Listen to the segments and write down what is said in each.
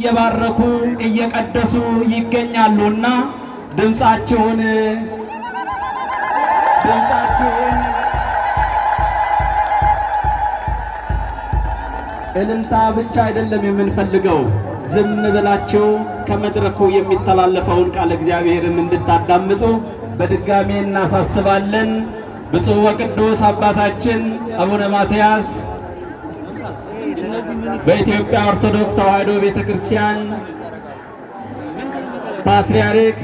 እየባረኩ እየቀደሱ ይገኛሉና ድምፃችሁን ድምፃችሁን እልልታ ብቻ አይደለም የምንፈልገው፣ ዝም ብላችሁ ከመድረኩ የሚተላለፈውን ቃለ እግዚአብሔርም እንድታዳምጡ በድጋሜ እናሳስባለን። ብፁዕ ወቅዱስ አባታችን አቡነ ማትያስ በኢትዮጵያ ኦርቶዶክስ ተዋሕዶ ቤተ ክርስቲያን ፓትርያርክ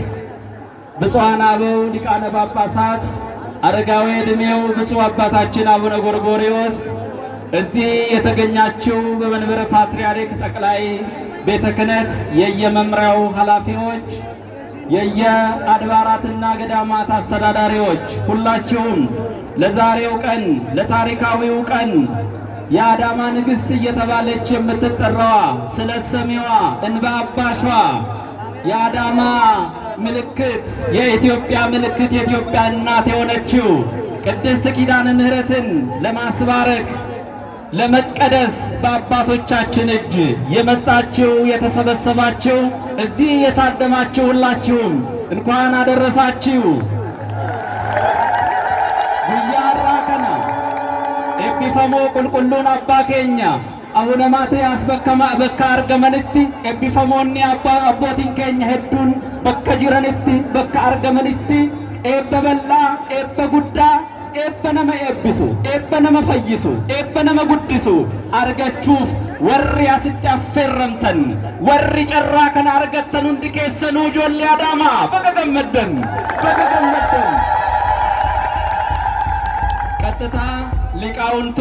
ብፁዓን አበው ሊቃነ ጳጳሳት አረጋዊ ዕድሜው ብፁዕ አባታችን አቡነ ጎርጎሪዎስ እዚህ የተገኛችው በመንበረ ፓትርያርክ ጠቅላይ ቤተ ክህነት የየመምሪያው ኃላፊዎች፣ የየአድባራትና ገዳማት አስተዳዳሪዎች ሁላችሁም ለዛሬው ቀን ለታሪካዊው ቀን የአዳማ ንግሥት እየተባለች የምትጠራዋ ስለ ሰሜዋ እንባ አባሿ የአዳማ ምልክት የኢትዮጵያ ምልክት የኢትዮጵያ እናት የሆነችው ቅድስት ኪዳነ ምሕረትን ለማስባረክ ለመቀደስ በአባቶቻችን እጅ የመጣችው የተሰበሰባችው እዚህ የታደማችሁ ሁላችሁም እንኳን አደረሳችሁ። ቢፈሞ ቁልቁሉን አባ ኬኛ አቡነ ማትያስ በከማ በካ አርገመንቲ ኤቢፈሞኒ አባ አቦቲን ኬኛ ሄዱን በከ ጅረንቲ በከ አርገመንቲ ኤበ በላ ኤበ ጉዳ ኤበ ነመ ኤብሱ ኤበ ነመ ፈይሱ ኤበ ነመ ጉድሱ አርገቹፍ ወሪ አስጫ አፌረምተን ወሪ ጨራ ከን አርገተን ሁንድ ኬሰኑ ጆሌ አዳማ በቀገመደን ቀጥታ ሊቃውንቱ